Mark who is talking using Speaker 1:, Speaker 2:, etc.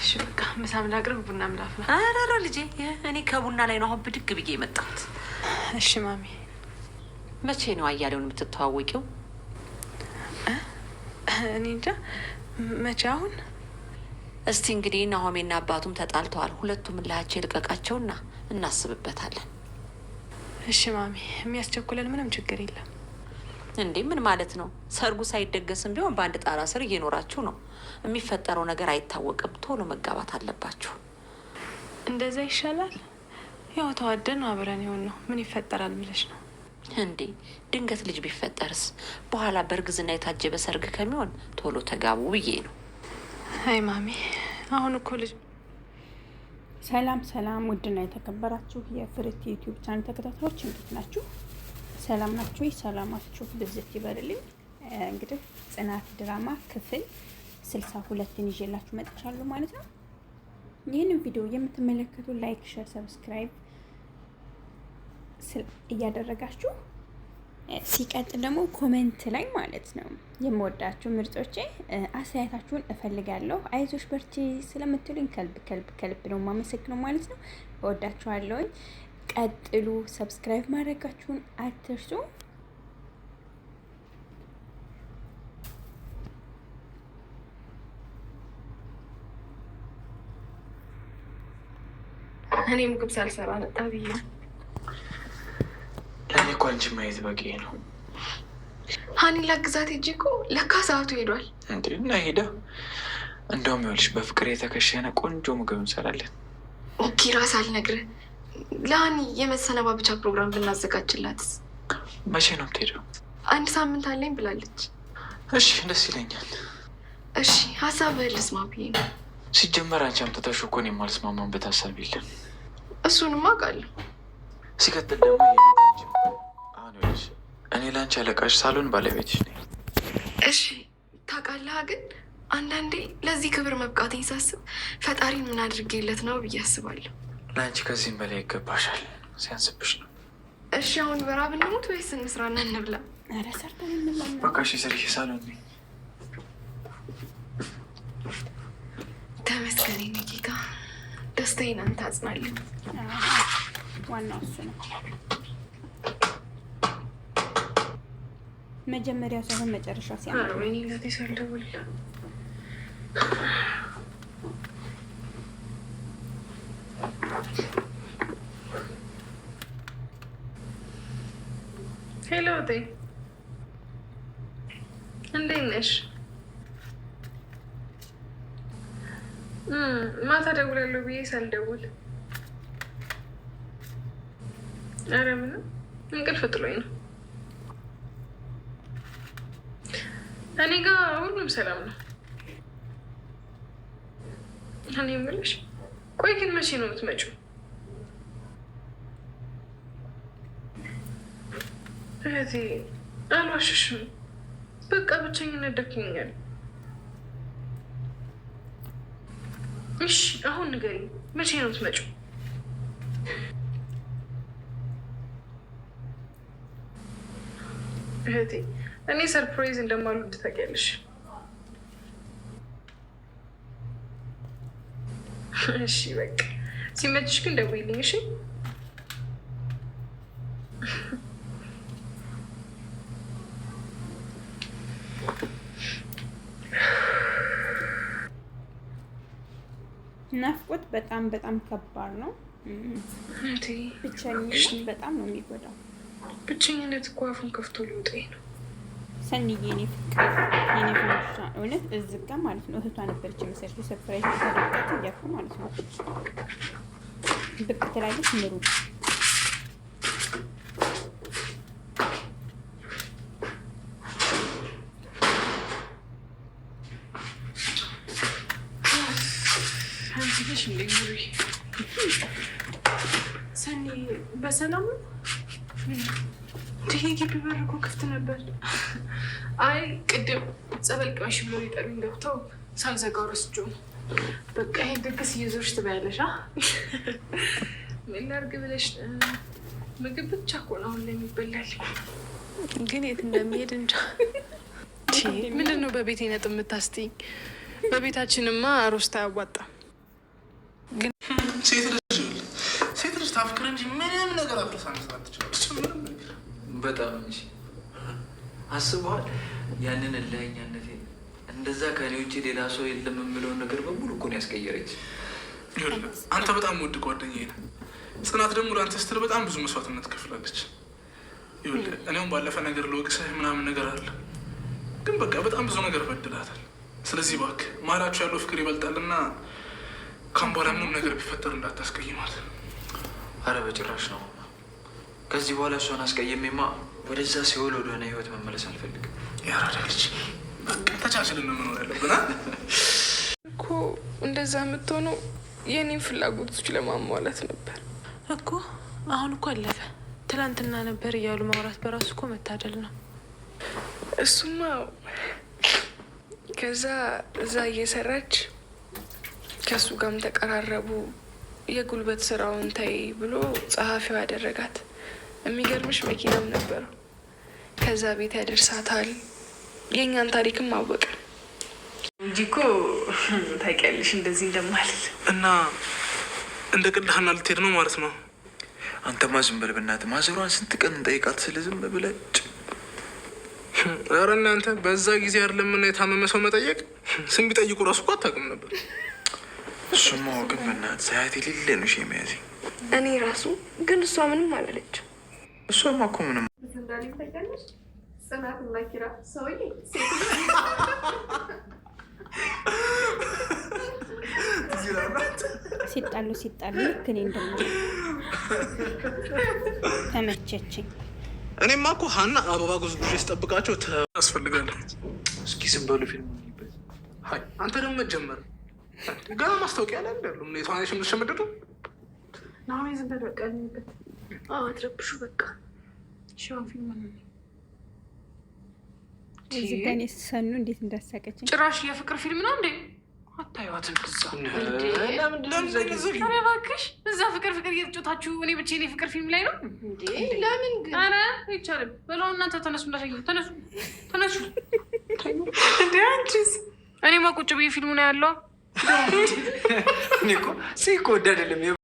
Speaker 1: እሺ በቃ ምሳ ምን አቅርብ፣ ቡና ምን አፍላ።
Speaker 2: ኧረ ኧረ ልጄ እኔ ከቡና ላይ ነው አሁን ብድግ ብዬ የመጣሁት። እሺ ማሚ። መቼ ነው አያሌውን የምትተዋወቂው?
Speaker 1: እኔ እንጃ መቼ አሁን
Speaker 2: እስቲ እንግዲህ ናሆሜና አባቱም ተጣልተዋል። ሁለቱም እልሃቸው ይልቀቃቸውና እናስብበታለን።
Speaker 1: እሺ ማሚ፣ የሚያስቸኩለን ምንም ችግር የለም።
Speaker 2: እንዴ ምን ማለት ነው? ሰርጉ ሳይደገስም ቢሆን በአንድ ጣራ ስር እየኖራችሁ ነው። የሚፈጠረው ነገር አይታወቅም። ቶሎ መጋባት አለባችሁ።
Speaker 1: እንደዛ ይሻላል። ያው ተዋደን አብረን ይሆን ነው። ምን ይፈጠራል ብለሽ ነው
Speaker 2: እንዴ? ድንገት ልጅ ቢፈጠርስ? በኋላ በእርግዝና የታጀበ ሰርግ ከሚሆን ቶሎ ተጋቡ ብዬ ነው።
Speaker 1: አይ ማሚ፣ አሁን እኮ ልጅ
Speaker 3: ሰላም ሰላም። ውድና የተከበራችሁ የፍርት ዩቲዩብ ቻናል ተከታታዮች እንዴት ናችሁ? ሰላም ናችሁ? ሰላማችሁ ብዝት ይበርልኝ። እንግዲህ ጽናት ድራማ ክፍል ስልሳ ሁለትን ይዤላችሁ መጥቻለሁ ማለት ነው። ይህንን ቪዲዮ የምትመለከቱ ላይክ፣ ሸር፣ ሰብስክራይብ እያደረጋችሁ ሲቀጥል ደግሞ ኮሜንት ላይ ማለት ነው የምወዳችሁ ምርጦቼ አስተያየታችሁን እፈልጋለሁ። አይዞሽ በርቺ ስለምትሉኝ ከልብ ከልብ ከልብ ነው የማመሰግነው ማለት ነው። እወዳችኋለሁኝ። ቀጥሉ። ሰብስክራይብ ማድረጋችሁን አትርሱ።
Speaker 1: እኔ ምግብ ሳልሰራ ነጣ ብዬ
Speaker 4: ለእኔ እኮ አንቺ ማየት በቂ ነው።
Speaker 1: ሀኒ ላግዛት ሂጅ እኮ ለካ ሰዓቱ ሄዷል
Speaker 4: እንዴ! እና ሄዳ እንደውም ይኸውልሽ፣ በፍቅር የተከሸነ ቆንጆ ምግብ እንሰራለን።
Speaker 1: ኦኬ ራስ አልነግርህ ለሀኒ የመሰነባበቻ ፕሮግራም ብናዘጋጅላት
Speaker 4: መቼ ነው የምትሄደው?
Speaker 1: አንድ ሳምንት አለኝ ብላለች።
Speaker 4: እሺ ደስ ይለኛል።
Speaker 1: እሺ ሀሳብህን ልስማ ብዬ ነው።
Speaker 4: ሲጀመር አንቺ አምጥተሽው እኮ እኔ የማልስማማበት ሀሳብ የለም።
Speaker 1: እሱንማ አውቃለሁ።
Speaker 4: ሲቀጥል ደግሞ እኔ ለአንቺ አለቃሽ ሳሎን ባለቤትሽ ነኝ።
Speaker 1: እሺ ታውቃለህ፣ ግን አንዳንዴ ለዚህ ክብር መብቃትኝ ሳስብ ፈጣሪን ምን አድርጌለት ነው ብዬ አስባለሁ።
Speaker 4: ለአንቺ ከዚህም በላይ ይገባሻል። ሲያንስብሽ ነው።
Speaker 1: እሺ አሁን በራብ እንሙት ወይስ እንስራና እንብላ?
Speaker 3: ኧረ ሰርተን እንብላ።
Speaker 4: በቃ እሺ ስልሽ ሳሎን
Speaker 1: ተመስገን። ጌታ ደስታዬን አንተ አጽናለን።
Speaker 3: ዋናው እሱ ነው። መጀመሪያ ሳይሆን መጨረሻ ሲያ
Speaker 1: ወይኔ ሄሎ እቴ እንዴት ነሽ? ማታ ደውላለሁ ብዬ ሳልደውል ኧረ ምንም እንቅልፍ ጥሎኝ ነው። እኔ ጋ ሁሉም ሰላም ነው። እኔ የምልሽ ቆይ ግን መቼ ነው የምትመጪው? እህቴ አልዋሽሽም። በቃ ብቸኝነት ደክሞኛል። እሺ አሁን ንገሪኝ፣ መቼ ነው የምትመጪው? እህቴ እኔ ሰርፕራይዝ እንደማልወድ ታውቂያለሽ። እሺ በቃ ሲመችሽ ግን ደውይልኝ እሺ።
Speaker 3: ናፍቆት በጣም በጣም ከባድ ነው። ብቸኝነት በጣም ነው የሚጎዳው።
Speaker 1: ብቸኝነት እኮ አፉን ከፍቶ ሊወጣ ነው።
Speaker 3: ሰኒዬ የኔ ፍቅር የኔ ፍንሳ እውነት እዚህ ጋ ማለት ነው እህቷ ነበረች መሰለሽ የሰፕራይዝ ተደርጋት እያልኩ ማለት ነው ብቅ ትላለች ምሩ
Speaker 1: ይዘሽ እንደ ጉሪ ሰኒ በሰላም ይሄ ግቢ በር እኮ ክፍት ነበር። አይ ቅድም ጸበል ቅመሽ ብሎ ሊጠሩኝ ገብተው ሳልዘጋው ረስቼው ነው። በቃ ይሄ ድግስ እየዞርሽ ትበያለሽ። ምን ላድርግ ብለሽ ምግብ ብቻ እኮ ነው አሁን የሚበላል፣
Speaker 3: ግን የት እንደሚሄድ እንጃ።
Speaker 1: ምንድን ነው በቤቴ ነጥ የምታስቲኝ? በቤታችንማ ሮስታ አያዋጣም።
Speaker 4: ሴት ልጅ ሴት ልጅ ታፍቅር እንጂ ምንም ነገር አድረሳ መስራት ትችላለች። ምንም
Speaker 5: ነገር በጣም እንጂ አስበዋል። ያንን እልኸኛነት እንደዛ ከኔ ውጭ ሌላ ሰው የለም የምለውን ነገር በሙሉ እኮ ነው ያስቀየረች።
Speaker 6: አንተ በጣም ውድ ጓደኛዬ ነህ። ጽናት ደግሞ ለአንተ ስትል በጣም ብዙ መስዋዕትነት ከፍላለች። እኔውም ባለፈ ነገር ልወቅስህ ምናምን ነገር አለ፣ ግን በቃ በጣም ብዙ ነገር በድላታል። ስለዚህ እባክህ መሀላችሁ ያለው ፍቅር ይበልጣልና ካም በኋላ ምንም ነገር ቢፈጠር እንዳታስቀይማት።
Speaker 5: አረ በጭራሽ ነው። ከዚህ በኋላ እሷን አስቀይሜማ ወደዛ ሲወል ወደሆነ ህይወት መመለስ አልፈልግም።
Speaker 6: ያራዳ ልጅ በቃ ተቻችልን መኖር ያለብን
Speaker 1: እኮ። እንደዛ የምትሆነው የእኔን ፍላጎቶች ለማሟላት ነበር
Speaker 3: እኮ። አሁን እኮ አለፈ። ትላንትና ነበር እያሉ ማውራት በራሱ እኮ መታደል ነው።
Speaker 1: እሱማ ከዛ እዛ እየሰራች ከሱ ጋርም ተቀራረቡ። የጉልበት ስራውን ታይ ብሎ ጸሐፊው ያደረጋት። የሚገርምሽ መኪናም ነበረው። ከዛ ቤት ያደርሳታል። የእኛን ታሪክም አወቀ እንጂ እኮ ታውቂያለሽ እንደዚህ እንደማል
Speaker 6: እና እንደ ቅልሃና ልትሄድ ነው ማለት ነው።
Speaker 5: አንተማ ዝም በል በእናትህ። ማዘሯን ስንት ቀን እንጠይቃት ስለ ዝም ብለህ
Speaker 6: ኧረ እናንተ በዛ ጊዜ አይደለም እና የታመመ ሰው መጠየቅ ስንት ቢጠይቁ እራሱ እኮ አታውቅም ነበር።
Speaker 5: እሱማ ግን በእናትህ ሳያት የሌለ ነው ሽ መያዜ
Speaker 1: እኔ ራሱ ግን እሷ ምንም አላለች።
Speaker 5: እሷማ እኮ ምንም
Speaker 3: ሲጣሉ ሲጣሉ ልክ እኔ እንደማ ተመቸችኝ።
Speaker 6: እኔማ እኮ ሀና አበባ ጉዝጉዤ ስጠብቃቸው ያስፈልጋል።
Speaker 5: እስኪ ዝም በሉ ፊልም
Speaker 6: አንተ ደግሞ መጀመር ገና ማስታወቂያ ላይ እንዳሉ የተዋናሽ የምትሸምድዱ
Speaker 1: ናሆሜ ዝም በል በቃ አትረብሹ። በቃ ሽዋን ፊልም
Speaker 3: ዚጋን የሰኑ እንዴት እንዳሳቀችኝ
Speaker 1: ጭራሽ የፍቅር ፊልም ነው እንዴ? አታዩዋትም? እባክሽ እዛ ፍቅር ፍቅር እየተጫወታችሁ እኔ ብቻዬን ፍቅር ፊልም ላይ ነው። ለምን ግን ኧረ አይቻልም። በለው እናንተ ተነሱ፣ እንዳሳየ ተነሱ፣ ተነሱ። እንደ አንቺስ እኔማ ቁጭ ብዬ ፊልሙ ነው ያለው እኔ እኮ ሲኮድ አይደለም